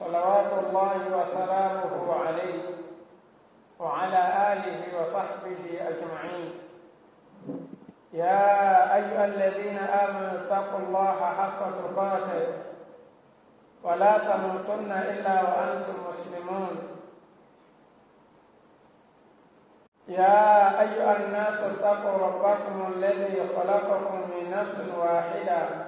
صلوات الله وسلامه عليه وعلى آله وصحبه أجمعين يا أيها الذين آمنوا اتقوا الله حق تقاته ولا تموتن إلا وأنتم مسلمون يا أيها الناس اتقوا ربكم الذي خلقكم من نفس واحدة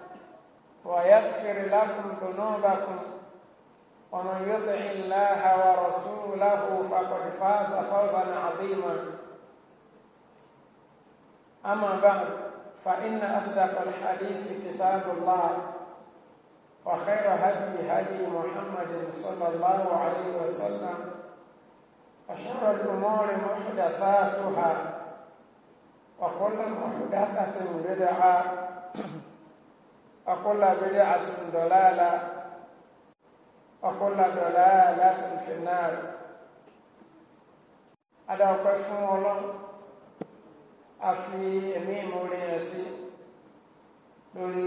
ويغفر لكم ذنوبكم ومن يطع الله ورسوله فقد فاز فوزا عظيما أما بعد فإن أصدق الحديث كتاب الله وخير هدي هدي محمد صلى الله عليه وسلم وشر الأمور محدثاتها وكل محدثة بدعة وكل بدعة ضلالة وكل ضلالة في النار ada ọpẹ́ fún Ọlọ́run a fi ẹ̀mí ìmoore yẹn sí lórí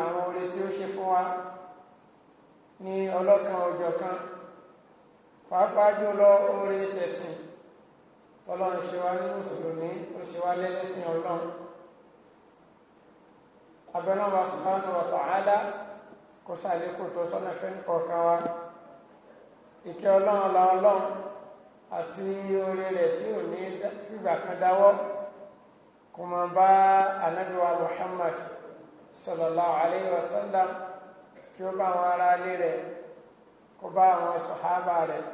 àwọn oore tí ó ṣe fún wa ní ọlọ́kan ọjọ́kan pàápàá jùlọ oore tẹ̀sìn Ọlọ́run ṣe wá ní mùsùlùmí ó ṣe wá lẹ́lẹ́sìn Ọlọ́run abẹ́rẹ́ wa subhanahu wa ta'ala kó sàlékún tó sọ́nà fẹ́ kọ̀ọ̀kan wa ìkẹ́ ọlọ́run ọlá ọlọ́run àti oore rẹ̀ tí ò ní fìgbà kan dáwọ́ kó mọ bá ànábì wa Muhammad sallallahu alayhi wa sallam kí ó bá àwọn ará ilé rẹ̀ kó bá àwọn sọ̀hábà rẹ̀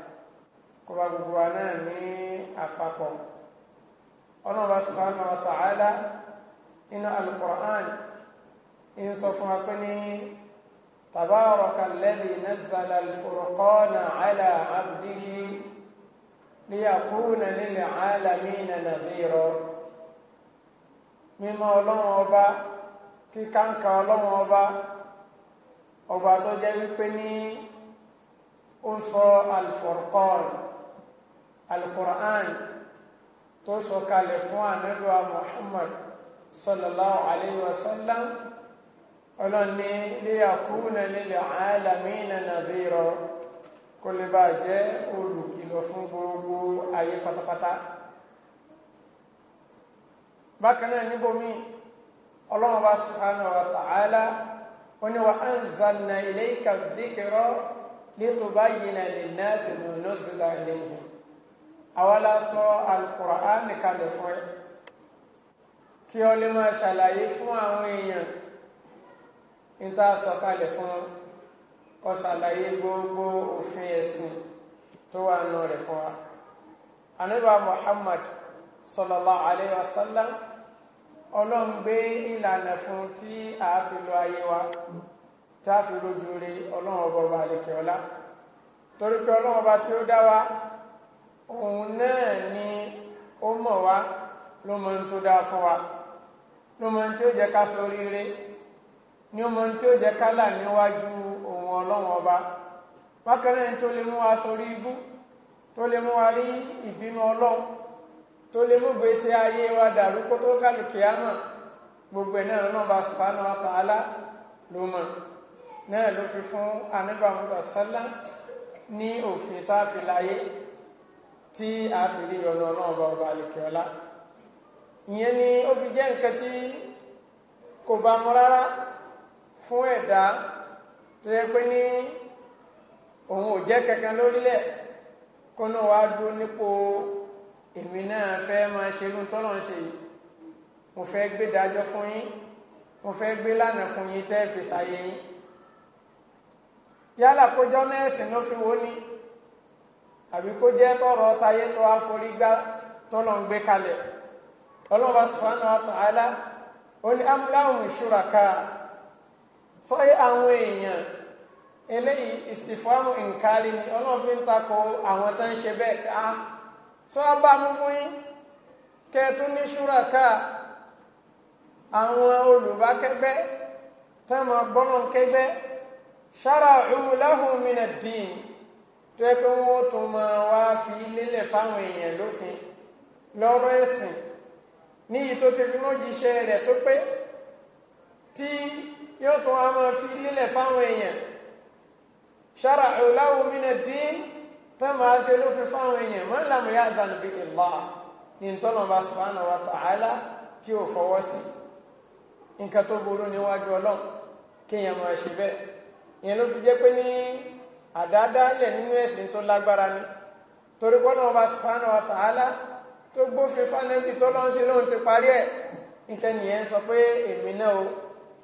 kó bá gbogbo wa náà ní àpapọ̀ ọlọ́run wa subhanahu wa inú al ń sọ fún wa pé ní tabaraka alladhi nazzala al-furqana ala abdihi liyakuna lil alamina nadhira mímọ́ ọlọ́run ọba kíkàǹkà ọlọ́run ọba ọba tó jẹ́ wípé ní ó sọ al-furqan tó sọ kalẹ̀ fún ànábì Muhammad sallallahu alayhi wa sallam ọlọ́ni lè àkúnà lílẹ̀ àálàmínà nàzírọ̀ kó lè bá jẹ́ olùkìlọ̀ fún gbogbo ayé pátápátá bákan náà níbomi ọlọ́run bá subhanahu wa ta'ala ó ní wa anzalna ilayka dhikra litubayyina lin-nasi ma nuzila ilayhim àwa la sọ al-Qur'an fún ẹ kí ọ lè máa ṣàlàyé fún àwọn èèyàn níta sọ̀kalẹ̀ fún ọ̀ṣàlàyé gbogbo òfin ẹ̀sìn tó wà nù rẹ̀ fún wa anábà Muhammad sallallahu alayhi wa sallam ọlọ́run gbé ìlànà fún tí a fi lo ayé wa tí a fi lójú rẹ̀ ọlọ́run ọgbọ̀gbọ̀ àlekè ọlá torí pé ọlọ́run ọba tí ó dá wa òun náà ni ó mọ̀ wá ló mọ̀ tó dáa fún wa ló mọ̀ tó jẹ́ ká sóríire. So ní ọmọ tí ó jẹ́ kálà níwájú ohun ọlọ́run ọba bákanáà tó lè mú wa sórí ibú tó lè mú wa rí ìbínú ọlọ́run tó lè mú gbèsè ayé wa dàrú kó tó kálù kíámà gbogbo ẹ̀ náà náà bá subhanahu wa ta'ala ló mọ̀ náà ló fi fún anábà mọ́tò sálá ní òfin tá a fi láyé tí a fi rí ọ̀nà ọlọ́run ọba ọba ìyẹn ni ó fi jẹ́ nǹkan tí kò bá mọ́ rárá fún ẹ̀dá tó yẹ pé ní òun ò jẹ́ kankan lórílẹ̀ kó náà wá dúró nípò èmi náà fẹ́ máa ṣe irú tọ́lọ̀ ń ṣe yìí mo fẹ́ gbé dájọ́ fún yín mo fẹ́ gbé lánàá fún yín tẹ́ fi ṣàyè yín yálà kó náà ẹ̀sìn ló fi wó ní àbí kó jẹ́ tọrọ tayé tó àforígbá tọ́lọ̀ ń gbé kalẹ̀ ọlọ́wà subhanahu wa ta'ala ó ní amúláhùn ìṣúra káà sọ́yẹ́ àwọn èèyàn eléyìí ìsìfọ́mù nkálí ni ọlọ́run fi ń takò àwọn tó ń ṣe bẹ́ẹ̀ ká ah, sọ abámu fún yín kẹtù ní ṣúràká àwọn olùbákẹ́gbẹ́ tẹ́mọ̀ gbọ́nàkẹ́gbẹ́ ṣára'u lahum minad din tó yẹ pé wọ́n tún máa wá fi lélẹ̀ fáwọn èèyàn lófin lọ́rọ̀ ẹ̀sìn ní ìtò tí fi mọ́ jíṣẹ́ rẹ̀ tó pé tí yóò tún wá máa fi lílẹ̀ fáwọn èèyàn ṣára ìwòláwò mìíràn dín tán máa ṣe ló fi fáwọn èèyàn mọ́ ìlànà yá àdánù bí ìlà ní tọ́nà bá subhanahu wa ta'ala tí ò fọwọ́ sí nǹkan tó burú níwájú ọlọ́run kéèyàn máa ṣe bẹ́ẹ̀ ìyẹn ló fi jẹ́ pé ní àdáadáalẹ̀ nínú ẹ̀sìn tó lágbára ni torí pọ́nà ọba subhanahu wa ta'ala tó gbófin fánẹ́bì tọ́lọ́run sí lóun ti parí ẹ̀ nǹkan nìyẹn sọ pé èmi náà o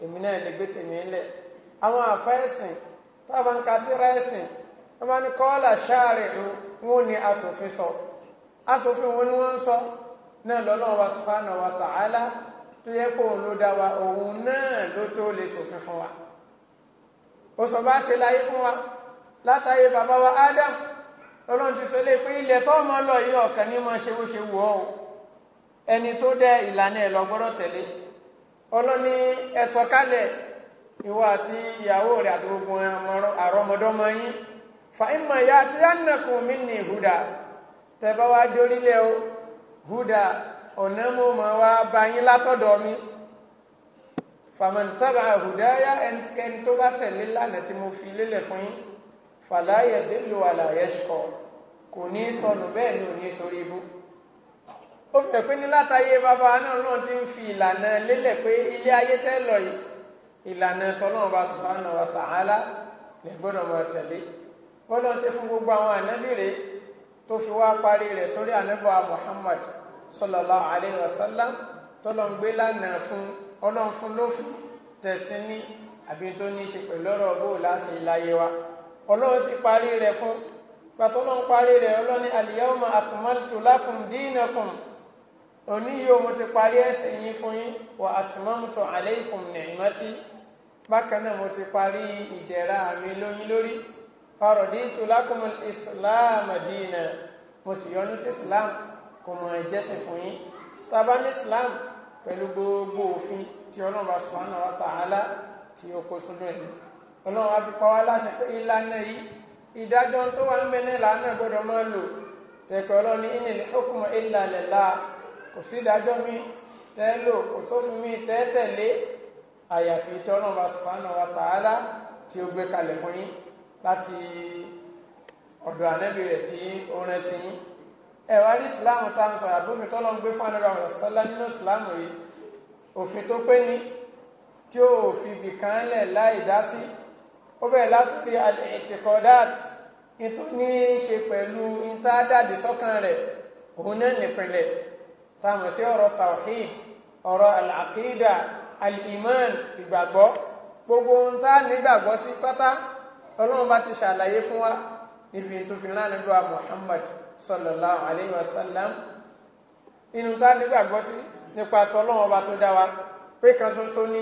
èmi náà lè gbé tèmi ńlẹ̀ àwọn àfẹ́sìn táwọn ń ka tíra máa ní kọ́ọ́là ṣáàrì wọn ni asòfin sọ asòfin wọn ni wọ́n ń sọ náà lọ́lọ́run wa subhanahu wa ta'ala tó yẹ kó òun ló dá wa òun náà ló tó lè ṣòfin fún wa ó sọ bá ṣe láyé fún wa látàyè bàbá wa Adam lọ́lọ́run ti sọ lé pé ilẹ̀ tó mọ́ lọ yìí ọ̀kan ní máa ṣe bó ṣe wù ọ́ ẹni tó dẹ ìlànà ẹ̀ lọ gbọ́dọ̀ tẹ̀lé ọlọ́ni ẹ̀sọ̀ kalẹ̀ ìwọ àti ìyàwó rẹ̀ àti gbogbo àrọmọdọ́mọ yín fàímà ya ti yánàkùn mí ní ìhúdà tẹ́bá wá dórílẹ̀ o húdà ọ̀nà mo mọ̀ wá bá yín látọ̀dọ̀ mi fàmọ̀ntàbà hùdáyà ẹnikẹ́ni tó bá tẹ̀lé lánàá tí mo fi lélẹ̀ fún yín fàlàyé àlàyé ṣkọ kò ní sọnù bẹ́ẹ̀ ni ò sórí ibú. ó fi hàn pé ní látàyè bàbá náà náà ti ń fi ìlànà lélẹ̀ pé ilé ayé tẹ́ lọ yìí ìlànà tọ́lọ́run bá gbọ́dọ̀ gbogbo àwọn ànábì tó fi wá parí rẹ̀ sórí ànábọ̀ alayhi wa sallam tọ́lọ́run lánàá fún ọlọ́run fún ló ní àbí tó ní ṣe pẹ̀lú ọ̀rọ̀ bó láṣẹ ìláyé wa ọlọ́run sì parí rẹ̀ fún parí rẹ̀ ọlọ́ni oni yìí o mo ti parí ẹ̀sìn yín fún yín wa atmamtu alaykum ni'mati bákan náà mo ti parí ìdẹ̀ra mi lóyún lórí faraditu lakumul islam dina mo sì yọ́nú sí islam kò mọ̀ ẹ̀jẹ̀sìn fún yín tábà ní islam pẹ̀lú gbogbo òfin tí ọlọ́run bá subhanahu wa ta'ala tí ó kó sínú ẹ̀ ọlọ́run á fi pa wá láṣẹ pé ìlànà yìí ìdájọ́ tó wà ń bẹ ní ìlànà gbọ́dọ̀ máa lò tẹ̀pẹ́ ọlọ́run ní inil hukmu illa lillah kò sí ìdájọ́ mi tẹ́ lò kò sófin mi tẹ́ tẹ̀lé àyàfi tí ọlọ́run subhanahu wa ta'ala tí ó gbé kalẹ̀ fún yín láti ọ̀dọ̀ ànẹ́bí rẹ̀ tí ó rẹ̀ sí yín ẹ̀wá rí ìsìláàmù tá à ń sọ àbófin tọ́lọ́ ń gbé fún ànẹ́bí àwọn ọ̀sánlá nínú ìsìláàmù yìí òfin tó pé ní tí ó fi ibì kan lẹ̀ láì dá sí ó bẹ̀rẹ̀ láti pé al-i'tiqadat ní tó ní í ṣe pẹ̀lú intádàdì sọ́kàn rẹ̀ òun náà nípìnlẹ̀ táwọn sí ọ̀rọ̀ tawhid ọ̀rọ̀ al-aqida al-iman ìgbàgbọ́ gbogbo ohun tá a nígbàgbọ́ sí pátá ọlọ́run bá ti ṣàlàyé fún wa níbi tó fi lánàá lọ́wọ́ Muhammad sallallahu alayhi wa sallam inú tá a nígbàgbọ́ sí nípa tọ́lọ́run ọba tó dá wa pé kan ṣoṣo ni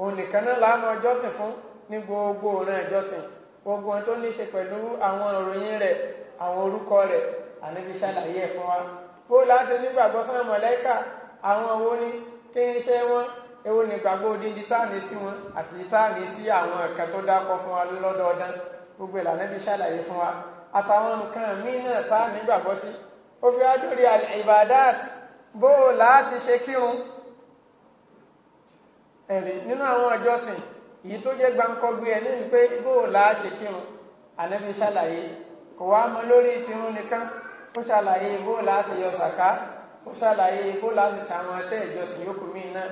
òun nìkan náà la máa fún ní gbogbo ọ̀ràn ìjọsìn gbogbo ohun tó ní ṣe pẹ̀lú àwọn ìròyìn rẹ̀ àwọn orúkọ rẹ̀ àníbi ṣàlàyé fún wa bó láṣẹ nígbàgbọ́ sáwọn mọ̀lẹ́kà àwọn wo ni kí n ṣe wọn èwo nígbàgbọ́ odindi táàní sí wọn àti táàní sí àwọn nǹkan tó dákọ fún wa lọ́dọọdán gbogbo ìlànà bí ṣàlàyé fún wa àtàwọn nǹkan míì náà táàní gbàgbọ́ sí ó fi ádùrí ìbàdàt bó láti ṣe kírun ẹ̀rí nínú àwọn ìjọsìn èyí tó jẹ́ gbáǹkọ́gbé ẹ̀ ní pé bó láṣẹ kírun ànábi ṣàlàyé kò wá mọ lórí tìrun nìkan ó ṣàlàyé bó láti yọ sàká ó ṣàlàyé bó láti ṣàwọn aṣẹ ìjọsìn yòókù míì náà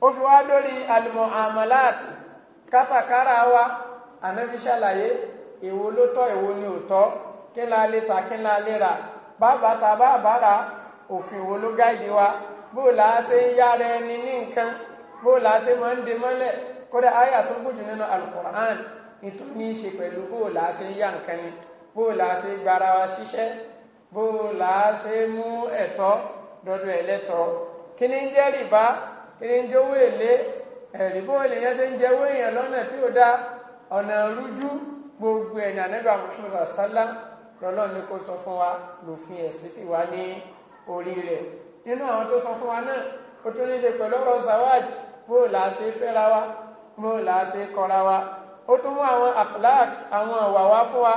ó fi wá dórí alimọ amalat kátàkárà wa ànábi ṣàlàyé èwo ló tọ́ èwo ni ò tọ́ kí n la lè ta kí n la lè rà bàbá ta bàbá rà òfin wo ló gáàdì wa bó láti yára ẹni ní nǹkan bó láti máa ń de mọ́lẹ̀ kódà àyà tó gbójú nínú alukur'an nítorí ṣe pẹ̀lú bó láti yá nǹkan ni bó láti gbára wa ṣiṣẹ́ bó la ṣe mú ẹ̀tọ́ dọ́dọ̀ ẹlẹ́tọ́ kí ni ń jẹ́ rìbá kí ni ń jẹ́ owó èlé ẹ̀rí bó ilẹ̀ yẹn ṣe ń jẹ́ owó èèyàn lọ́nà tí ó dá ọ̀nà rújú gbogbo ẹ̀yìn ànẹ́bà mọ́tò sálá lọ́lọ́run ni kò sọ fún wa lòfin ẹ̀sìn sì wá ní orí rẹ̀ nínú àwọn tó sọ fún wa náà ó tún ní ṣe pẹ̀lú ọ̀rọ̀ zawaj bó la ṣe fẹ́ra wa bó la ṣe kọra wa ó tún mú àwọn akhlaq àwọn ìwà fún wa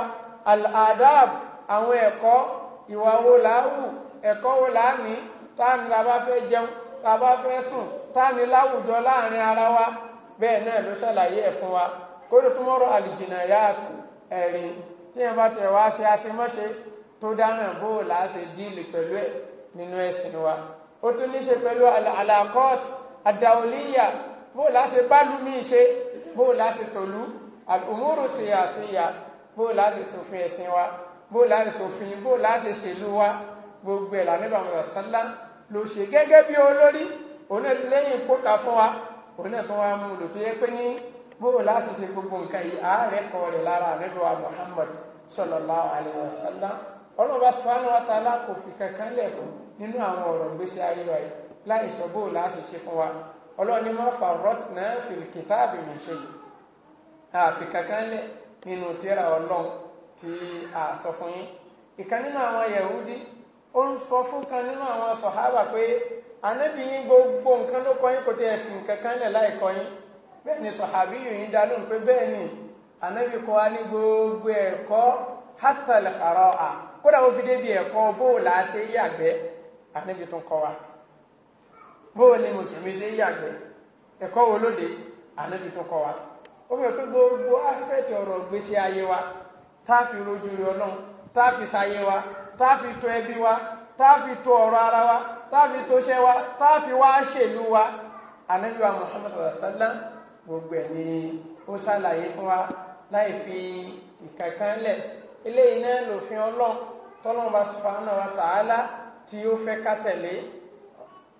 al adab àwọn ẹ̀kọ́ ìwà wo là á wù ẹ̀kọ́ wo là á ní táàní la bá fẹ́ jẹun la bá fẹ́ sùn táàní láwùjọ láàrin ara wa bẹ́ẹ̀ náà ló ṣàlàyé ẹ̀ fún wa kódò tó mọ́rọ̀ àlìjìnà yá àti ẹ̀rìn tí yẹn bá tẹ̀ wá ṣe àṣemọ́ṣe tó dáràn bó là á ṣe díìlì pẹ̀lú ẹ̀ nínú ẹ̀sìn wa ó tún ní ṣe pẹ̀lú àlàkọ́ọ̀tì àdàolíyà bó là á ṣe bálùmí ṣe bó là á ṣe tòlú àlùmúrù síyàsíyà bó là á ṣe sòfin ẹ̀sìn wa bó láti ṣòfin bó láti ṣèlú wa gbogbo ẹ̀ lànà ìbámu ọ̀sánlá ló ṣe gẹ́gẹ́ bí olórí òun náà ti lẹ́yìn kóka fún wa òun náà tó wá mú un lò tó yẹ pé ní bó láti gbogbo nǹkan yìí ààrẹ kọ rẹ̀ lára ànábì wa Muhammad sallallahu alaihi wasallam ọlọ́ba subhanahu wa ta'ala kò fi kankan lẹ̀kọ́ nínú àwọn ọ̀rọ̀ ìgbésí ayé wa yìí láì sọ bó láti ṣe fún wa ọlọ́ni má fa rọ́tìnà tí a sọ fún yín ìkan nínú àwọn yahudi ó ń sọ fún kan nínú àwọn sọ̀hábà gbogbo nkan ló kọ́ yín kò fi kan ni ni anabi kọ wa gbogbo ẹ̀kọ́ hatal a, kódà ó fi débi o ṣe wa o mùsùlùmí ṣe yàgbẹ́ wo lóde anabi tún wa o gbogbo aspect wa tá a fi rojú rí ọlọ́run tá a fi ṣayé wa tá a fi tọ́ ẹbí wa tá a fi tọ́ ọ̀rọ̀ ara wa tá a fi tọ́ iṣẹ́ wa tá a fi wá ṣèlú wa ànábì wa Muhammad sallallahu alaihi wa sallam gbogbo ẹ̀ ni ó ṣàlàyé fún wa láì fi ìkankan lẹ̀ eléyìí náà lòfin ọlọ́run tọ́lọ́run bá wa ta'ala tí ó fẹ́ ká tẹ̀lé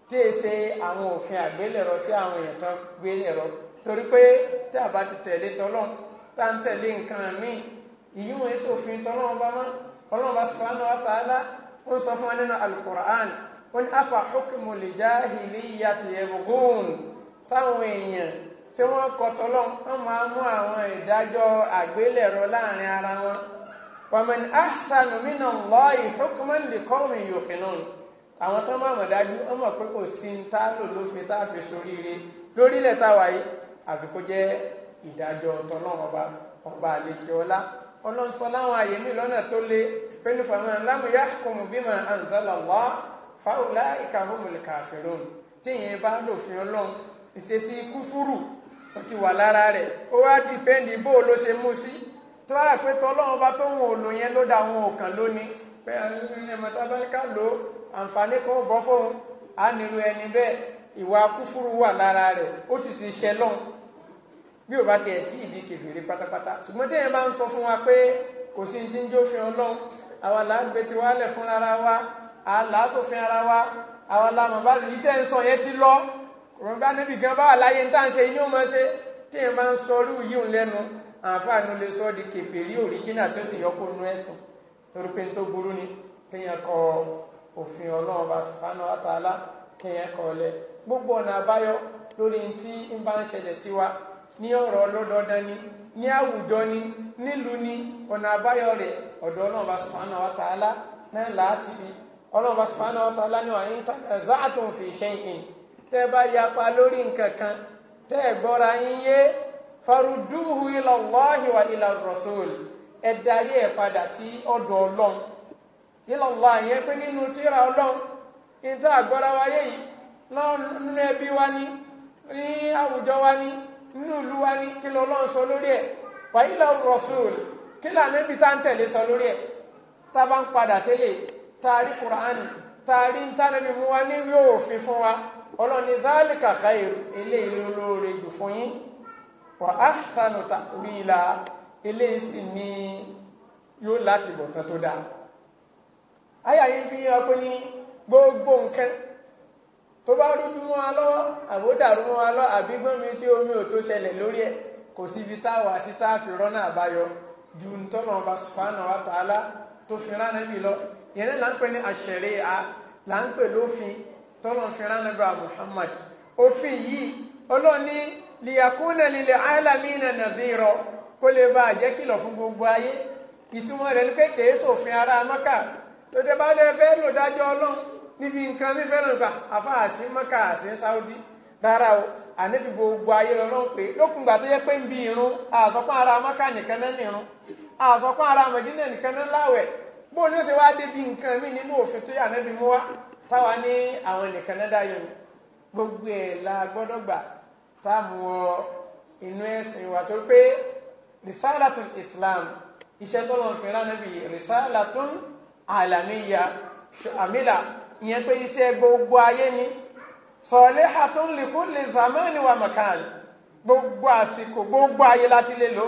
tí è ṣe àwọn òfin àgbélẹ̀rọ tí àwọn èèyàn tán gbélẹ̀rọ torí pé tí a bá ti tẹ̀lé tọ́lọ́run tá à ń tẹ̀lé nǹkan míì ìyún èso òfin tọ́lọ́wọ́n bá mọ́ ọlọ́wọ́n bá subhanahu wa ta'ala ó sọ fún wa nínú alukur'an ó ní afa hukmul jahiliyyati yabghun sáwọn èèyàn tí wọ́n kọ tọ́lọ́n wọ́n máa mú àwọn ìdájọ́ àgbélẹ̀rọ láàrin ara wọn wa man ahsanu minallahi hukman liqawmin yuqinun àwọn tó máa mọ̀ dájú wọ́n mọ̀ pé kò sí ń tá lò lófin tá a fi soríire lórílẹ̀ táwa yìí àfi jẹ́ ìdájọ́ tọ́lọ́n ọba ọba àlejò ọlá ọlọ́nsọ láwọn àyè mi lọ́nà tó le pẹ̀lú fàmà lámù yá kọmù bímà ànzálà wá fáwọlá ìkàhùnmùlì kàfẹ́rọ́n tíyẹn bá lòfin ọlọ́run ìṣesí kúfúrù ó ti wà lára rẹ̀ ó wá dìpẹ́ndì bó ló ṣe mú sí tó wá pé tọ́lọ́run bá tó wọn òlò yẹn ló dá wọn òkàn lónìí pé ẹ̀mọ́tà bá ká lò àǹfààní kan bọ́ fóun á nílò ẹni bẹ́ẹ̀ ìwà kúfúrú wà lára rẹ̀ ó sì ti ṣẹlọ́run bí o bá tiẹ̀ tí ìdí kẹfìrí pátápátá ṣùgbọ́n téèyàn bá ń sọ fún wa pé kò sí ti ń jófin ọlọ́run àwa làágbé ti wálẹ̀ fún ara wa ara wa àwa làmọ̀ bá yìí tẹ́ ń sọ ti lọ bá níbi gan bá wà láyé máa ṣe bá ń sọ lẹ́nu àǹfààní lè sọ di òríjínà tí ó sì ni kọ òfin ọlọ́run bá àtàlá ní ọ̀rọ̀ ọlọ́dọọdán ni ní àwùjọ ni nílùú ni ọ̀nà àbáyọ rẹ̀ ọ̀dọ̀ ọlọ́ọ̀bá subhanahu wa ta'ala náà láti rí ọlọ́ọ̀bá subhanahu wa ta'ala ní wàá ń ta za'atun fi shay'in tẹ́ ẹ bá yapa lórí nǹkan kan tẹ́ gbọ́ra yín yé faruduhu ila Allahi wa ila rasul ẹ darí ẹ padà sí ọ̀dọ̀ ọlọ́run ila Allahi yẹn pé nínú tíra ọlọ́run ìta àgbọ́ra wáyé yìí lọ́nà ẹbí wa ni ní àwùjọ wa ni nínú ìlú wa ní kí lọ́lọ́run sọ lórí ẹ̀ wàyí lọ rọ̀sùn kí lànàbí tá ń tẹ̀lé sọ lórí ẹ̀ tá a bá ń padà sílẹ̀ tá a rí kùránì tá a rí ntánàbí mú wa ní ìwé òfin fún wa ọlọ́ni zálìkà káyìrù eléyìí olóore jù fún yín wà á sànù tàwíìlà eléyìí sì ní yóò láti bọ̀ tán tó dáa. àyà yìí fi hàn pé ní gbogbo nǹkan tó bá rújú mọ́ wa lọ́wọ́ àbódàrú mọ́ wa lọ́ àbí gbọ́nmi sí omi ò tó ṣẹlẹ̀ lórí ẹ̀ kò sí ibi tá a wà sí tá a fi rọ́nà àbáyọ ju ntọ́nà ọba subhanahu wa ta'ala tó fi rán Ànábì lọ yẹn ní là ń pè ní àṣẹrẹ a là ń pè lófin tọ́nà fi rán Ànábì Muhammad òfin yìí ọlọ́ni liyakuna lil alamina nadhira kó lè bá a jẹ́ kìlọ̀ fún gbogbo ayé ìtumọ̀ rẹ̀ ní pé kèé ara Mákà tó dé bá lè fẹ́ lò dájọ́ ọlọ́run níbi nǹkan mi fẹ́ràn gbà àfáàsí mọ́kà àsí sáúdí rárá o àníbi gbogbo ayé lọ́lọ́run pé lókùngbà tó yẹ pé ń bi irun àsọpọ̀ ara mọ́kà nìkan náà nìrun àsọpọ̀ ara mọ̀dínà nìkan náà láwẹ̀ bó ni ó ṣe wá débi nǹkan mi nínú òfin tó yà níbi mú wá táwa ní àwọn nìkan náà dáyọ̀ ni gbogbo ẹ̀ la gbọ́dọ̀ gbà táàmù wọ inú ẹ̀sìn wa tó pé risalatul islam iṣẹ́ tó lọ́n fi rán níbi risalatul alamiya Amila ìyẹn pé iṣẹ́ gbogbo ayé ni salihatun likulli zamani wa makan gbogbo àsìkò gbogbo ayé láti lè lò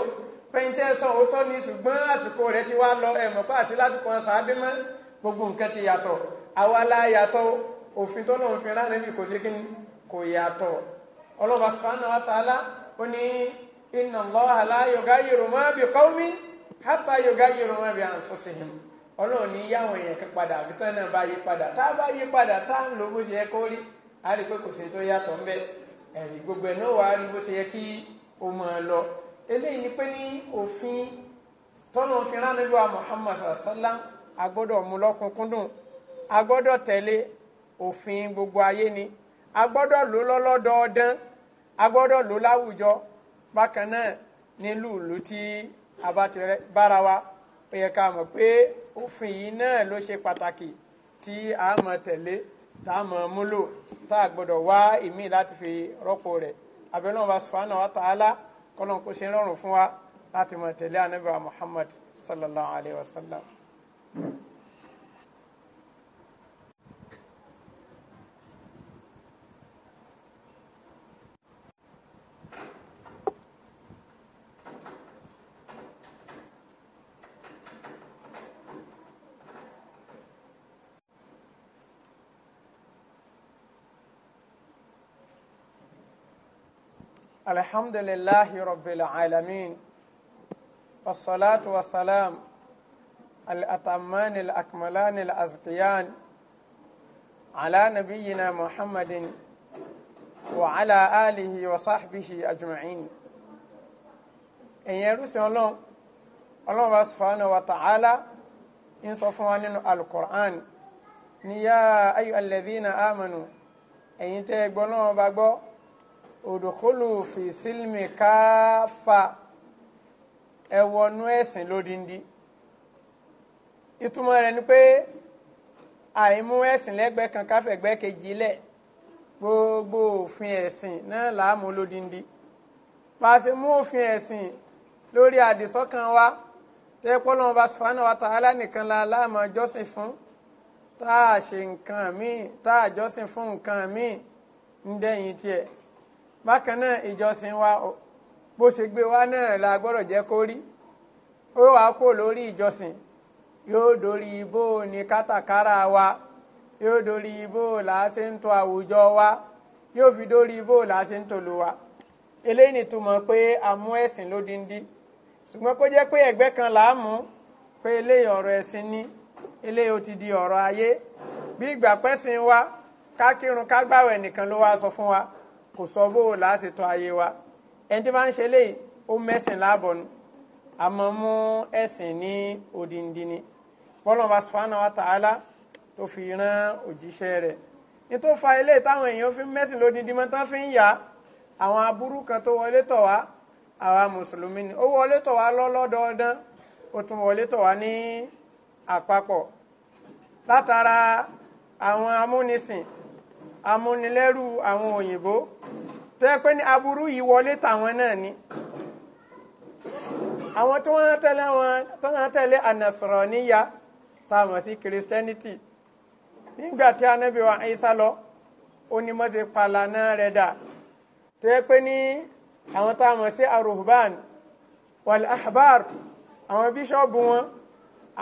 pẹ́ńtẹ́ sàn ó tọ́ ni ṣùgbọ́n àsìkò rẹ̀ ti wá lọ ẹ̀mọ́ pa àti lásìkò ọ̀sán abímọ́ gbogbo nǹkan ti yàtọ̀ àwa la yàtọ̀ òfin tó lọ́n fi rán níbi kò sí kí kò yàtọ̀ ọlọ́ba subhanahu wa ta'ala ó ní inna Allaha la yughayyiru ma bi qawmin hatta yughayyiru ma bi anfusihim ọlọ́run ní yáwọn èèyàn kan padà àfi tán náà bá yí padà tá a bá yí padà tá a ń lo bó ṣe yẹ kó rí a rí pé kò sí tó yàtọ̀ ń bẹ ẹ̀rí gbogbo ẹ̀ náà wàá rí bó ṣe yẹ kí o mọ̀ ọ́ lọ eléyìí ni pé ní òfin tọ́nà òfin ránilú wa Muhammad sàlá a gbọ́dọ̀ mú lọ́kùnkúndùn a gbọ́dọ̀ tẹ̀lé òfin gbogbo ayé ni a gbọ́dọ̀ lò lọ́lọ́dọọdán a gbọ́dọ̀ lò láwùjọ bákan náà nílùú ìlú tí a bá ti bára wa ó yẹ ká mọ̀ pé òfin yìí náà ló ṣe pàtàkì tí a mọ̀ tẹ̀lé tá a mọ̀ múlò tá a gbọ́dọ̀ wá ìmí láti fi rọ́pò rẹ̀ abẹ́lẹ́ wọn bá subhanahu wa ta'ala kọ́lọ́n kó ṣe rọrùn fún wa láti mọ̀ tẹ̀lé ànábì wa Muhammad sallallahu alayhi wa sallam. الحمد لله رب العالمين والصلاة والسلام الأطمان الأكملان الأزقيان على نبينا محمد وعلى آله وصحبه أجمعين إن يرسل الله الله سبحانه وتعالى إن صفوان القرآن يا أيها الذين آمنوا إن تقبلوا بقبوا òdòkólò fi sílmì káfà ẹ wọnú ẹ̀sìn lódindi ìtumọ̀ rẹ̀ ni pé àìmú ẹ̀sìn lẹ́gbẹ̀ẹ́ kan káfẹ̀gbẹ́ kejì lẹ̀ gbogbo òfin ẹ̀sìn náà làámú lódindi bá a ṣe mú òfin ẹ̀sìn lórí àdìsọ́kàn wa tẹ́ pọ́lọ́mọba sùfánà wa tààlà nìkan la láàmú ọjọ́sìn fún tá a ṣe nǹkan míì tá a jọ́sìn fún nǹkan míì ń dẹ́yìn tiẹ̀ bákan náà ìjọsìn wa bó ṣe gbé wa náà la gbọ́dọ̀ jẹ́ kó rí ó wá kó lórí ìjọsìn yóò dorí ibò ní kátàkárà wa yóò dorí ibò là á ṣe ń tò àwùjọ wa yóò fi dórí ibò là á ṣe ń tòlù wa eléyìí nìtumọ̀ pé a mú ẹ̀sìn lódindi ṣùgbọ́n kó jẹ́ pé ẹ̀gbẹ́ kan là á mú pé eléyìí ọ̀rọ̀ ẹ̀sìn ni eléyìí ó ti di ọ̀rọ̀ ayé bí ìgbà pẹ́sìn wa ká kírun nìkan ló wá sọ fún wa kò sọ bó o láti tọ́ ayé wa ẹni tí máa ń ṣe léyìí ó mẹ́sìn láàbọ̀nù àmọ́ mú ẹ̀sìn ní odindini bọ́lá wa subhanahu wa ta'ala tó fi rán òjíṣẹ́ rẹ̀ ní tó fa ilé táwọn èèyàn fi mẹ́sìn lódindi mọ́ tán fi ń yá àwọn aburú kan tó wọlé tọ̀ wá àwa mùsùlùmí ni ó wọlé tọ̀ wá lọ́lọ́dọọdán ó tún wọlé tọ̀ wá ní àpapọ̀ látara àwọn amúnisìn amúnilẹ́rù àwọn òyìnbó tó yẹ pé ní aburú yìí wọlé tàwọn náà ni àwọn tí wọ́n tẹ̀lé wọn tó náà tẹ̀lé ànàsọ̀rọ̀níyà táwọn sí christianity nígbà tí anábì wa Ìsá lọ ó ní mọ́ sí palana rẹ̀ dà tó yẹ pé ní àwọn táwọn sí aruhban wal ahbar àwọn bíṣọ́ọ̀bù wọn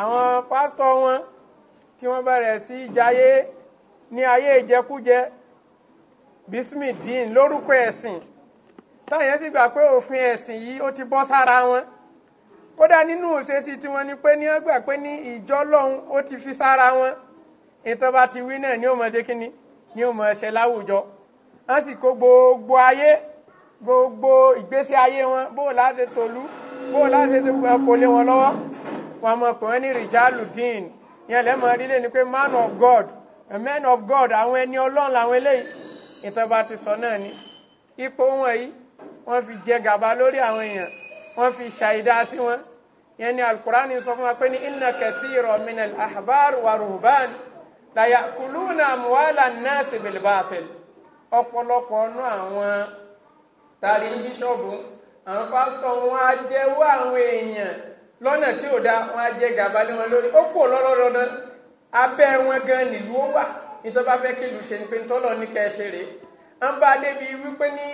àwọn pásítọ̀ wọn tí wọ́n bẹ̀rẹ̀ sí jayé ní ayé ìjẹkújẹ bísmì dín lórúkọ ẹ̀sìn táyẹn sì gbà pé òfin ẹ̀sìn yìí ó ti bọ́ sára wọn kódà nínú òṣèṣì tiwọn ni pé ní wọn gbà pé ní ìjọ lọ́hún ó ti fi sára wọn ìtọ́ba ti wí náà ni ó mọ̀ ṣe kínní ni ó mọ̀ ṣe láwùjọ wọn sì kó gbogbo ayé gbogbo ìgbésí ayé wọn bó láṣẹ tòlú bó láṣẹ ṣe kó lé wọn lọ́wọ́ wọn mọ̀ pé wọ́n ní rìjálù dín yẹn lẹ́mọ̀ rí lé ni pé man of God A man of God àwọn ẹni ọlọ́run làwọn eléyìí ìtọ́ba ti sọ náà ni ipò wọn yìí wọ́n fi jẹ gàba lórí àwọn èèyàn wọ́n fi ṣàìdá sí wọn yẹn ni alukurani sọ fún wa pé ní inna kathira minal ahbar wa ruhban la ya'kuluna amwala nasi bil batil ọ̀pọ̀lọpọ̀ ọ̀nà àwọn tari bíṣọ̀bù àwọn pásítọ̀ wọn á jẹ́wọ́ àwọn èèyàn lọ́nà tí ò da wọn á jẹ gàba lé wọn lórí ó kò lọ́lọ́dọ́dọ́ abẹ́ wọn gan nílùú ó wà nítorí bá fẹ́ kí ìlú ṣe ni pé ntọ́lọ̀ ní kẹ́ ẹ ń bá a débi wípé ní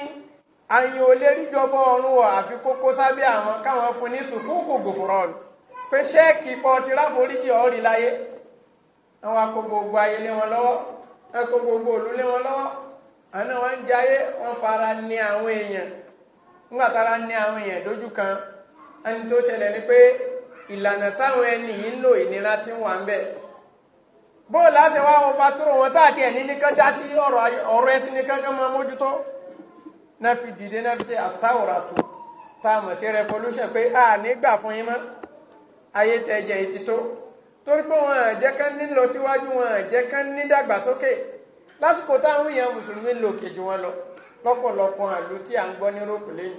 àyìn ò lè ríjọba àfi kókó sábẹ́ àwọn káwọn fún ní pé ṣẹ́ẹ̀kì pọ̀ ti ráforíjì ọ̀rì láyé àwọn akó gbogbo ayé lé wọn lọ́wọ́ akó gbogbo òlú lé wọn lọ́wọ́ àná wọn ń jayé wọn fara ní àwọn èèyàn ńgbà ní àwọn èèyàn kan ẹni tó ṣẹlẹ̀ ni ìlànà táwọn ẹni yìí ìnira ti ń wà bóòlù àṣẹ wa wọn fatúrò wọn táàkì ẹ̀ nílé kan dá sí ọ̀rọ̀ ẹ̀sìn nìkan kan máa mójútó náà fi dìde náà fi ṣe àṣàwòrán tó tá a mọ̀ sí revolution pé a nígbà fún yín mọ́ ayé tẹ̀jẹ̀ yìí ti tó torí pé wọn àjẹ́ kan ní lọ síwájú wọn àjẹ́ kan ní dàgbàsókè lásìkò táwọn èèyàn mùsùlùmí lò kejì wọn lọ lọ́pọ̀lọpọ̀ àlù tí à ń gbọ́ ní rókù lẹ́yìn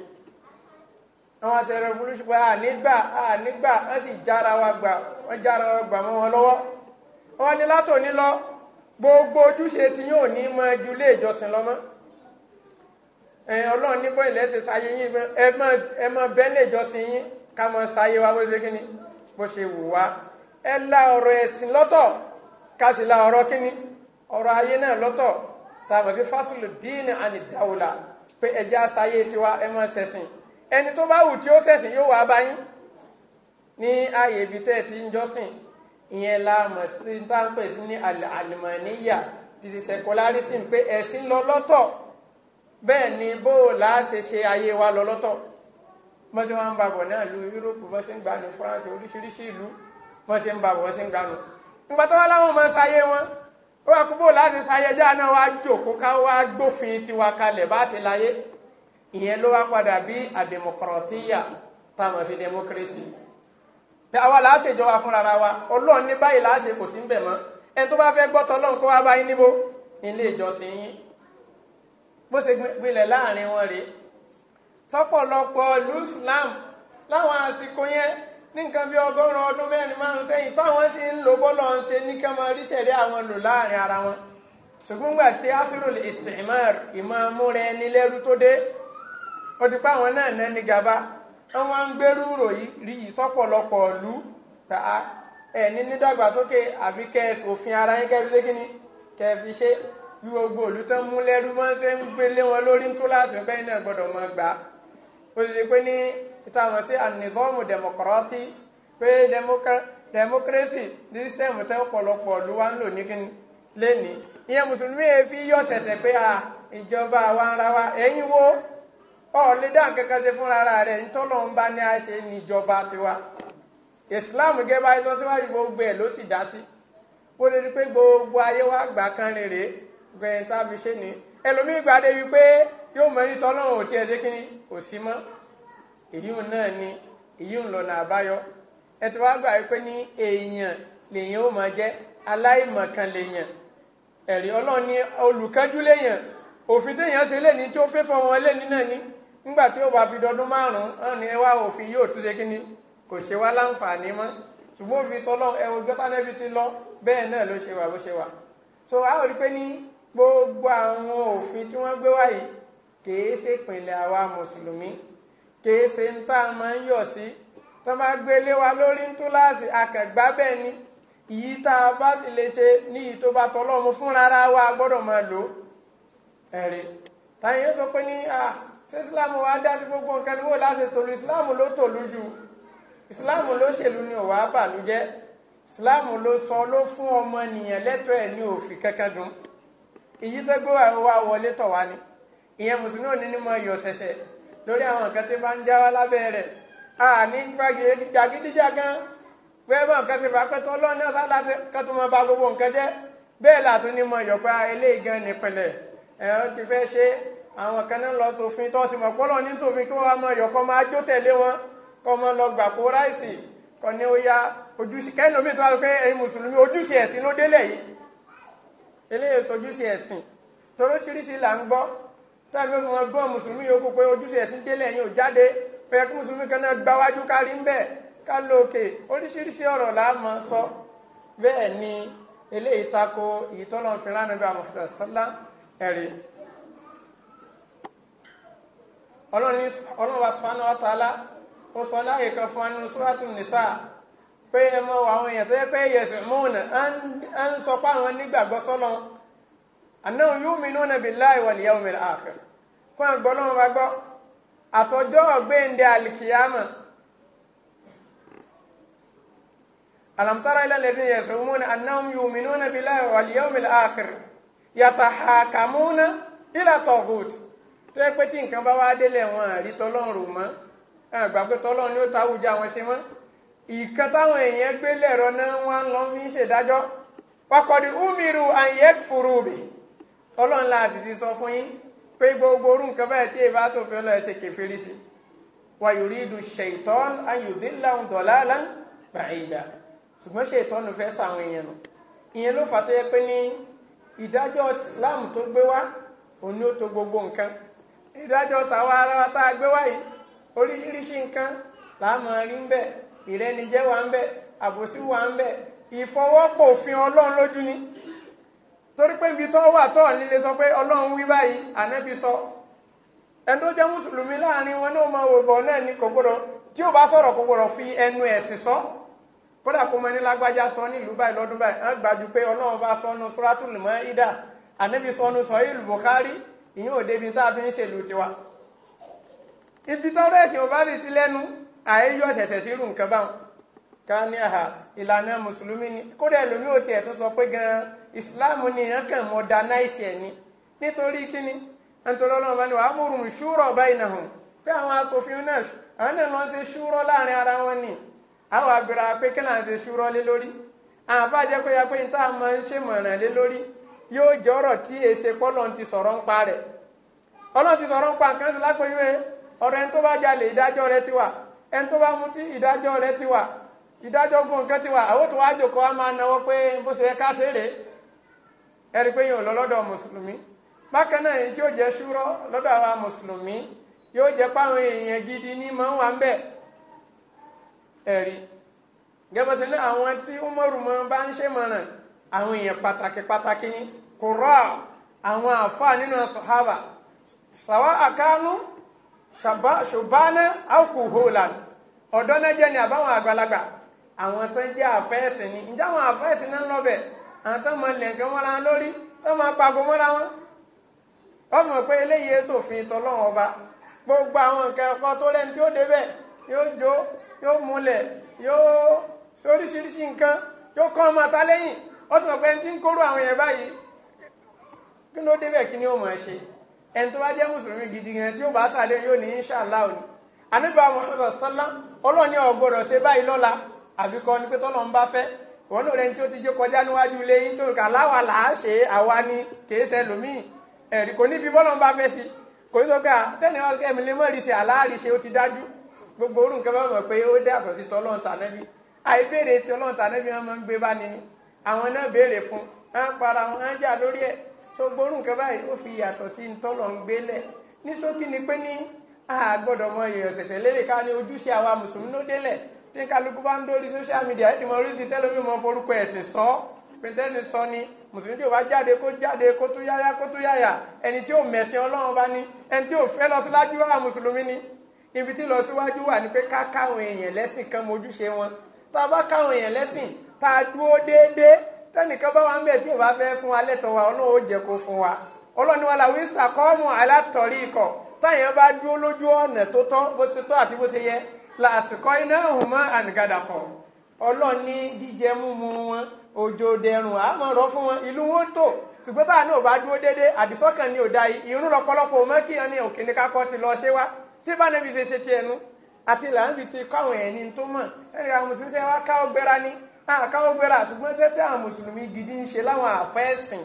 àwọn àṣẹ revolution pé a nígbà a nígbà wọ́n sì jára wa gbà wọ́n jára wa gbà mọ́ wọn lọ́wọ́. wọ́n ní lọ gbogbo ojúṣe tí yóò ní mọ ju ilé ìjọsìn lọ mọ ẹ̀yìn ọlọ́run nígbọ́ ilẹ̀ ṣe sáyé yín ẹ mọ bẹ́lẹ̀ ìjọsìn yín ká mọ sáyé wa bó ṣe kí ni bó ṣe wù wá ẹ la ọ̀rọ̀ ẹ̀sìn lọtọ ká sì la ọ̀rọ̀ kí ni ọ̀rọ̀ ayé náà lọ́tọ̀ tàbí kí fásilù díìnì àní dáwòlà pé ẹjẹ́ àṣàyé tiwa ẹ mọ ṣẹ̀sìn ẹni tó bá wù tí ó yóò báyìí ní ààyè ibi tẹ́ ẹ ti ń jọ́sìn ìyẹn la mọ̀ sí tá à ń pè sí ní àlìmọ̀níyà títí secularism pé ẹ̀sìn lọ lọ́tọ̀ bẹ́ẹ̀ ni bó o là á ṣe ṣe ayé wa lọ lọ́tọ̀ bọ́n ṣe wọ́n ń babọ̀ náà lu Yúróòpù bọ́n ṣe ń gbanu France oríṣiríṣi ìlú bọ́n ṣe ń babọ̀ bọ́n ṣe ń gbanu. nígbà tó wá láwọn ọmọ ṣayé wọn ó wà kó bó o là á ṣe ṣayé ẹjọ́ àná wa jòkó ká wá gbófin tiwa kalẹ̀ bá a ṣe láyé ìyẹn ló wá padà bí àdèmọ̀kọ̀rọ̀tíyà táwọn ṣe democracy pé àwa là á ṣèjọba fúnra wa ọlọ́run ní báyìí là á ṣe kò sí ń bẹ̀ mọ́ ẹni tó bá fẹ́ gbọ́ tọ́lọ́run kó wá báyìí níbo ilé ìjọsìn yín bó ṣe gbilẹ̀ láàrin wọn rèé tọ́pọ̀lọpọ̀ ìlú Islam láwọn àsìkò yẹn ní nǹkan bí ọgọ́rùn-ún ọdún mẹ́rin márùn-ún sẹ́yìn táwọn sì ń lo bọ́lọ̀ ń ṣe ní kẹ́mọ ríṣẹ̀rí àwọn lò láàrin ara wọn ṣùgbọ́n gbà tí asirul istimar ìmọ̀ amúrẹ́ni lẹ́rú tó dé ó ti pa àwọn náà nẹ́ni gaba wọ́n wá ń gbérú ròyìn rí yìí sọ́pọ̀lọpọ̀ ìlú tàá ẹ̀ ní nídàgbàsókè àfi kẹfì òfin ara yín kẹfì ṣé kíni kẹfì ṣe bí gbogbo ìlú tán mú lẹ́rú máa ń ṣe ń gbélé wọn lórí ń tó lásìkò bẹ́ẹ̀ náà gbọ́dọ̀ máa gbà á ó ti di pé ní ìtàwọn sí ànìfọ́ọ̀mù dẹmọkọrọ́tì pé dẹmọkírésì ní sísítẹ́ẹ̀mù tẹ́ ọ̀pọ̀lọpọ̀ ìlú wa ń lò ní kíni lẹ́nìí ìyẹn mùsùlùmí yẹn fi yọ̀ ṣẹ̀ṣẹ̀ pé à ìjọba wa ń ra wa ẹ̀yin wo ọ lè dá ṣe fúnra rẹ̀ ń bá ní àṣẹ níjọba tiwa islam gẹ́gẹ́ bá síwájú gbogbo ẹ̀ ló sì dá sí ó lè gbogbo ayé wa kan rere gbẹ̀yìn tá a fi ṣe ni ẹlòmíì gbà dé wípé yóò mọ tọ́lọ́run ò tiẹ̀ ṣe ni kò sí mọ́ èyí ò náà ni ẹ ti wá gbà wípé ní èèyàn ó jẹ́ aláìmọ̀kan ẹ̀rí ní ni. nígbà tí ó bá fi dọdún márùn-ún hàn ní ẹwà òfin yóò tún ṣe kíni kò ṣe wá láǹfààní mọ́ ṣùgbọ́n òfin tọ́lọ́ ẹwọ gbẹ́tánẹ́bí ti lọ bẹ́ẹ̀ náà ló ṣe wà bó ṣe wà so a ò rí pé ní gbogbo àwọn òfin tí wọ́n gbé wáyé kìí ṣe ìpìlẹ̀ àwa mùsùlùmí kìí ṣe ń tá a máa ń yọ̀ sí tó máa wa lórí ń túláàsì akẹ̀gbá bẹ́ẹ̀ ni ìyí tá a bá ti lè ṣe ní ìyí tó bá tọ́lọ́mu fúnra wa gbọ́dọ̀ máa lò ẹ̀rí táyé sọ pé ní ah, ṣé islam wa dá sí gbogbo nǹkan ni wò láṣẹ tòlu islam ló tòlu jù islam ló ṣèlú ni òwà bàlújẹ́ islam ló sọ ló fún ọmọ nìyẹn lẹ́tọ̀ọ́ ẹ̀ ní òfin kankan dùn èyí tó gbé wa wọlé tọ̀ wá ni ìyẹn mùsùlùmí ò ní ní mọ iyọ̀ ṣẹ̀ṣẹ̀ lórí àwọn nǹkan tí bá ń já lábẹ́ rẹ̀ àní jàgídíjàgan fẹ́ẹ́mọ̀ nǹkan ṣe fà pẹ́tọ́ ọlọ́run náà sá láti kẹ́tọ́ mọ́ bá gbogbo nǹkan jẹ́ bẹ́ẹ̀ làtún ní mọ iyọ̀ pé eléyìí gan nípìnlẹ̀ ẹ̀ ó ti fẹ́ ṣe é àwọn kan náà lọ sófin tó sì mọ̀ pọ́lọ̀ ní sófin kí wọ́n wá mọ ìyọ̀kọ́ máa jó tẹ̀lé wọn kọ́ mọ lọ gbà kó ráìsì kọ́ ní ó ya ojúṣe kẹ́hìn lómi tó wá pé ẹ̀yin mùsùlùmí ojúṣe ẹ̀sìn ló délẹ̀ yìí eléyìí sojúṣe ẹ̀sìn toróṣiríṣi là ń gbọ́ tàbí wọn gbọ́ mùsùlùmí yòókù pé ojúṣe ẹ̀sìn délẹ̀ yìí ò jáde pé kí ẹ̀rí ọlọ́run wa subhanahu wa ta'ala ó sọ láàyè kan fún wa nínú suratu nisa pé ẹ mọ àwọn èèyàn tó yẹ pé yẹsẹ̀ mọ́ọ̀nà à ń sọ pé àwọn nígbàgbọ́ sọ́lọ́ annahum yu'minuna billahi wal yawmil akhir fún àgbọ̀ ọlọ́run wa gbọ́ àtọjọ́ ọ̀gbẹ́ndẹ alikiyama alamtara ila ladin yasumuna annahum yu'minuna billahi wal yawmil akhir yatahakamuna ila taghut tó yẹ pé tí nǹkan bá wá délẹ̀ wọn àrí tọlọ́run mọ́ àgbà pé tọlọ́run ni ó táwùjọ àwọn ṣe mọ́ ìkan táwọn èèyàn gbé lẹ̀rọ náà wá ń lọ fi ń ṣèdájọ́ wakọ̀dì umiru ayẹ́kfuru bì ọlọ́run láti ti sọ fún yín pé gbogbo orú nǹkan báyìí tí èèbá tó fi ọlọ́run ṣe kẹfìrí sí wa yuridu shaitan ayudillahum dalalan ba'ida ṣùgbọ́n ṣètọ́nù fẹ́ sọ àwọn èèyàn nù ìyẹn ló fà tó yẹ pé ní ìdájọ́ Islam tó gbé wá òun ni ó to gbogbo nǹkan ìdájọ́ tàwa ara wa tá a gbé wáyé oríṣiríṣi nǹkan là á mọ̀ rí ń bẹ̀ ìrẹ́nijẹ́ wa ń bẹ̀ àbòsí wa ń bẹ̀ ìfọwọ́pọ̀ òfin ọlọ́run lójú ni torí pé ibi tó wà tó nílé sọ pé ọlọ́run wí báyìí ànábi sọ ẹni tó jẹ́ mùsùlùmí láàrin wọn náà máa wò bọ̀ náà ni kò gbọdọ̀ tí ò bá sọ̀rọ̀ kò gbọdọ̀ fi ẹnu ẹ̀sìn sọ kódà kó mọ lágbájá sọ nílùú báyìí lọ́dún báyìí wọ́n gbàjú pé ọlọ́run bá sọ nu suratul ànábi sọ sọ ìlú Bukhari ìyẹn ò débi tá a fi ń ṣèlú tiwa ibi tọrọ ẹ̀sìn ò lè ti lẹ́nu àyíyọ ṣẹ̀ṣẹ̀ sí irú nǹkan báwọn ká ní àhà ìlànà mùsùlùmí ni kódà ẹlòmí ò tiẹ̀ tó sọ pé gan ìsìláàmù ni èèyàn kàn modernize ẹ̀ ni nítorí kíni nítorí ọlọ́run bá ní wàá múrù ṣúrọ̀ bainahum pé àwọn asòfin náà àwọn náà lọ́n ṣe ṣúrọ̀ láàrin ara wọn ni àwọn àgbèrè náà ṣe lé lórí àwọn pé ya pé ní táwọn máa ń lé lórí yóò jẹ́ ọ̀rọ̀ tí èsè pé ọlọ́run ti sọ̀rọ̀ ń pa rẹ̀ ọlọ́run ti sọ̀rọ̀ ń pa nǹkan sí lápẹ́yìnwé ọ̀rọ̀ ẹni tó bá jalè ìdájọ́ rẹ̀ ti wà ẹni tó bá mutí ìdájọ́ rẹ̀ ti wà ìdájọ́ gun nǹkan ti wà àwọn tó wá jòkó a máa náwó pé bó ṣe ká ṣe rèé ẹ̀rí pé yóò lọ lọ́dọ̀ mùsùlùmí bákan náà èyí tí yóò jẹ́ ṣúrọ́ lọ́dọ̀ àwa mùsùlùmí yóò jẹ́ páwọn èèyàn gidi ní máa wà ń bẹ̀ ẹ̀rí gẹ́gẹ́ bó àwọn tí ó mọ̀rùmọ́ bá ń ṣèmọ̀ràn àwọn èèyàn pàtàkì pàtàkì ní kùrọ̀ àwọn àfáà nínú sọ̀hábà sàwọ́ àkánú ṣùgbọ́nà alkohola ọ̀dọ́ náà jẹ́ ni àbáwọn àgbàlagbà àwọn tó jẹ́ àfẹ́ẹ̀sì ni ǹjẹ́ àwọn àfẹ́ẹ̀sì náà ń lọ́bẹ̀ àwọn tó máa lẹ̀ nǹkan mọ́ra lórí tó máa pàgọ́ mọ́ra wọn wọ́n mọ̀ pé eléyìí sòfin tọ́lọ́wọ́n ọba gbogbo àwọn yóò múlẹ̀ yóò sóríṣiríṣi nǹkan yóò kọ́ ọmọ ta lẹ́yìn ó ti mọ̀ pé ẹni tí ń kóró àwọn yẹn báyìí kí ló débẹ̀ kí ni ó mọ̀ ẹ́ ṣe ẹni tó bá jẹ́ mùsùlùmí gidi gan tí ó bá sàdé yóò ní inṣàlá òní àníbà Muhammad sallá ọlọ́ọ̀ni ọ̀gbọ́dọ̀ ṣe báyìí lọ́la àbíkọ́ ni pé tọ́lọ́ ń bá fẹ́ wọn náà lẹni tí ó ti jó kọjá níwájú ilé yín tó kà láwa là á ṣe àwa ni kìí ṣe lòmíì ẹ̀rí kò ní fi bọ́lọ̀ ń bá fẹ́ sí kò ní sọ́kà tẹ́lẹ̀ wọn kẹ́mi lè mọ̀ rí ṣe àláàrí ṣe ó ti dájú gbogbo orú nǹkan bá mọ̀ pé ó dé àsọ̀tì tọ́lọ́ǹtà nẹ́bí àìbéèrè tọ́lọ́ǹtà nẹ́bí wọn máa ń gbé bá ni àwọn náà béèrè fún wọn para wọn jà lórí ẹ tó gbórùn nǹkan báyìí ó fi yàtọ̀ sí ntọ́lọ̀ ń gbélé ní ṣókí ni pé ní a gbọ́dọ̀ mọ èèyàn ṣẹ̀ṣẹ̀ lérè ká ní ojúṣe àwa mùsùlùmí ló délẹ̀ tí kálukú bá ń dórí social media ẹ̀ tí mo rí sí tẹ́lómi mo forúkọ ẹ̀sìn sọ pẹ̀tẹ́sì sọ ni mùsùlùmí tí ò bá jáde kó jáde kó tún yáyá kó tún yáyà ẹni tí ò mẹ̀sìn ọlọ́run bá ní ẹni tí ò fẹ́ lọ síwájú wà mùsùlùmí ni ibi tí lọ síwájú wà ni pé ká káwọn èèyàn lẹ́sìn kan mojúṣe wọn tá a bá káwọn èèyàn lẹ́sìn tá a dúró déédéé tẹnìkan bá wà ń bẹ̀ tí ò bá fẹ́ fún wa lẹ́tọ̀ọ́ wa ọlọ́run ó jẹ́ kó fún wa ọlọ́run wa làwọn ìsà kọ́ọ̀mù alátọ̀rí ikọ̀ táyẹn bá dúró lójú ọ̀nà tó tọ́ bó ṣe tọ́ àti bó ṣe yẹ làásìkò iná ọ̀hún mọ́ ànìgàdà kọ̀ ọlọ́run jíjẹ múmu wọn òjò dẹrùn àmọ́ rọ fún wọn ìlú wọn tó ṣùgbọ́n báà náà bá dúró déédé àdìsọ́kàn ni ò da irun lọ́pọ̀lọpọ̀ mọ́ kí ẹni òkè ní kakọ́ ti lọ ṣé wá tí bá nẹ́bi ṣe ṣe tiẹ̀ nu àti làǹbì kọ́ àwọn ẹ̀yìn tó mọ̀ ẹ̀rì àwọn mùsùlùmí ṣe wá ká ọgbẹ́ra ní àkáwọ́ gbéra ṣùgbọ́n ṣé tí àwọn mùsùlùmí gidi ń ṣe láwọn ẹ̀sìn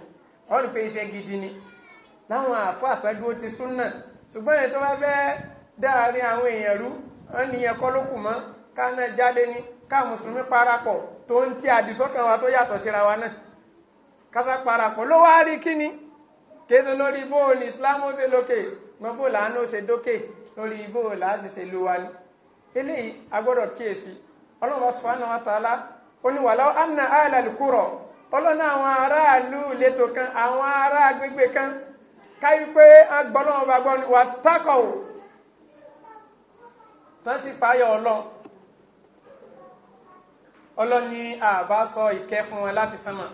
wọ́n rí gidi ni láwọn àfọ́ àfẹ́dúró ti súnà ṣùgbọ́n èyí tó bá fẹ́ dáàrin àwọn èèyàn rú wọ́n kọ́ ló kù mọ́ jáde ká mùsùlùmí parapọ̀ tó ń ti àdìsọ́kàn wa tó yàtọ̀ síra wa náà parapọ̀ ló wá rí kéde lórí bóòlù Islam ó ṣe lókè mọ bóòlù àánú ó ṣe dókè lórí bóòlù àṣìṣe ni eléyìí agbọ́dọ̀ kíyèsí ó ní wàlá anna alàlùkúrọ̀ ọlọ́nà àwọn aráàlú ìletò kan àwọn ará agbègbè kan káyí pé agbọ́nọ́wọ́n bá gbọ́ ni wà tákọ̀ ò tán sì páyọ̀ ọlọ́ ọlọ́ni àbá sọ ìkẹ́ fún wọn láti sánmà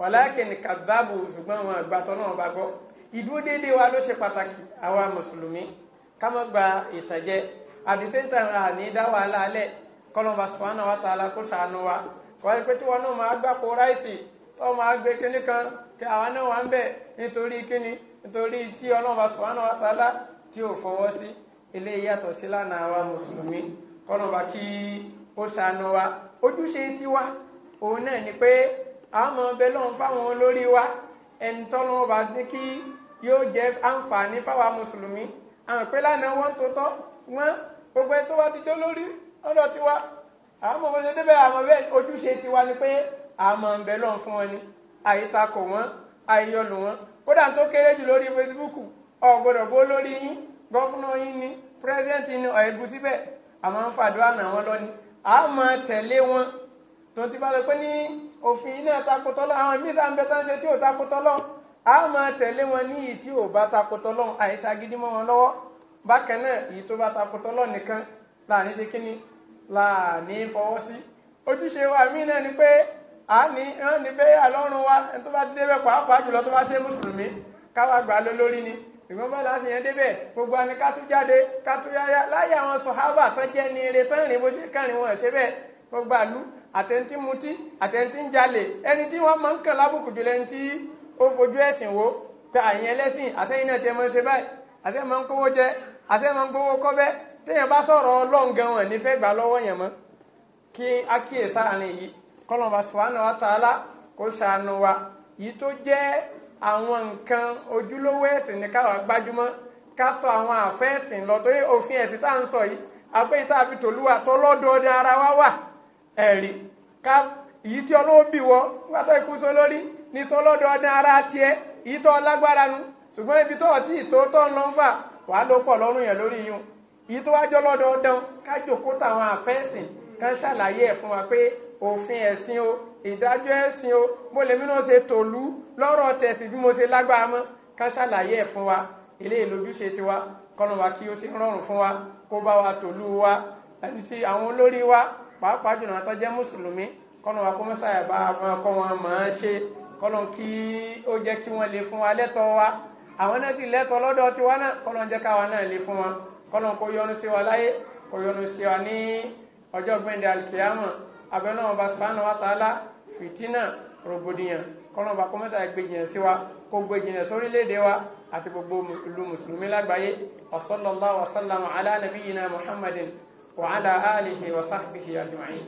wàláàkì ní kàdáàbò ṣùgbọ́n àwọn àgbàtọ́ náà bá gbọ́ ìdúró déédé wa ló ṣe pàtàkì àwa mùsùlùmí ká má gba ìtànjẹ àdìsẹ́ńtà rà ní dá wàhálà alẹ́ kọlọmọba subhanahu wa ta'ala kó sànù wa wọ́n pé tí wọn náà máa gbàpò ráìsì tó máa gbé kínní kan kí àwa náà wà ń bẹ̀ nítorí kínní nítorí tí ọlọmọba subhanahu wa ta'ala tí ò fọwọ́ sí ilé yàtọ̀ sí lánàá wa mùsùlùmí kọlọmọba kí ó sànù wa ojúṣe tiwa òun náà ni pé àmọ́ bẹ́ẹ̀ lọ́n fáwọn olórí wa ẹni tọ́lọ́wọ́ bá ní kí yóò jẹ́ àǹfààní fáwa mùsùlùmí àwọn ìpínlẹ̀ náà wọ́n tó tọ́ wọ́n gbogbo ẹ̀ tó wá ti dó lórí ọ̀dọ̀ tiwa àmọ́ bó ṣe débẹ̀ àmọ́ bẹ́ẹ̀ ojúṣe tiwa ni pé àmọ́ ń bẹ lọ́n fún wọn ni àyítakò wọn àyíyọlù wọn kódà tó kéré jù lórí Facebook ọ̀gbọ́dọ̀ bó lórí yín gọ́fúnà yín ni pírẹ́sẹ̀ntì ni ọ̀ẹ́bù síbẹ̀ àmọ́ ń fàdúrà nà wọ́n lọ́ni àmọ́ tẹ̀lé wọn tó ti bá lọ pé ní òfin iná takotọ́lọ́ àwọn mísà ń bẹ tán ṣe tí ò takotọ́lọ́ àmọ́ tẹ̀lé wọn ní ìyí ò bá takotọ́lọ́ àìsàgídí mọ́ wọn lọ́wọ́ bákan náà ìyí tó bá takotọ́lọ́ nìkan láàrin ṣe kí láàní fọwọ́ sí ojúṣe wa mí náà ni pé a ní rán ní pé àlọ́run wa ẹni tó bá débẹ̀ pàápàá jùlọ tó bá ṣe mùsùlùmí káwa gbà lọ lórí ni ìgbọ́n bá láti yẹn débẹ̀ gbogbo àni ká tún jáde ká tún yáyá láyé àwọn sọ̀hábà tán jẹ́ ní eré tán rìn bó ṣe kẹrin wọn ṣe bẹ́ẹ̀ gbogbo àlú àtẹ̀ntí mutí àtẹ̀ntí ń jalè ẹni tí wọ́n máa ń kàn lábùkù jùlọ ẹni tí ó fojú ẹ̀sìn wo pé àyìn ẹlẹ́sìn téèyàn bá sọ̀rọ̀ ọlọ́run gan wọn nífẹ̀ẹ́ gbà lọ́wọ́ yẹn mọ́ kí akíyèsí àárín yìí kọlọ́mọba sùwánà wa tààlà kò ṣàánú yìí tó jẹ́ àwọn nǹkan ojúlówó ẹ̀sìn ní káwa gbájúmọ́ àwọn àfẹ́sìn lọ torí òfin ẹ̀sìn tá à ń sọ yìí wà ẹ̀rí ká yìí tí ọlọ́wọ́ bì ní ara tiẹ̀ yìí tó lágbára nu ṣùgbọ́n ọtí ìtòótọ́ ń fà wàá ló yìí tó wájọ́ lọ́dọọdún kájòkó táwọn àfẹ́sìn kan ṣàlàyé ẹ̀ fún wa pé òfin ẹ̀sìn o ìdájọ́ ẹ̀sìn o mo lè mí náà ṣe tòlú lọ́rọ̀ tẹ̀sìn bí mo ṣe lágbára mọ́ kan ṣàlàyé ẹ̀ fún wa ilé ìlójúṣe tiwa kọ́nà wa kí ó sì rọrùn fún wa kó bá wa tòlú wa ẹni tí àwọn olórí wa pàápàá jùlọ àtọ́ jẹ́ mùsùlùmí kọ́nà wa kó mọ́sàyà bá wọn kọ́ wọn máa ṣe kọ́nà kí ó jẹ́ kí wọ́n lè fún wa lẹ́tọ̀ọ́ wa àwọn náà sì lẹ́tọ̀ọ́ lọ́dọ̀ tiwa náà kọ́nà jẹ́ káwa náà lè fún wọn kọ́lọ́n kó yọ́nú sí wa láyé kó yọ́nú sí wa ní ọjọ́ gbẹ̀ndẹ̀ alikiyama abẹ́nú ọba subhanahu wa ta'ala fìtínà rògbòdìyàn kọ́lọ́n bá kọ́mọ́sà gbẹ̀jìyàn sí wa kó gbẹ̀jìyàn sórílẹ̀-èdè wa àti gbogbo ìlú mùsùlùmí lágbàáyé wa sallallahu wa sallam ala muhammadin wa alihi wa sahbihi ajma'in.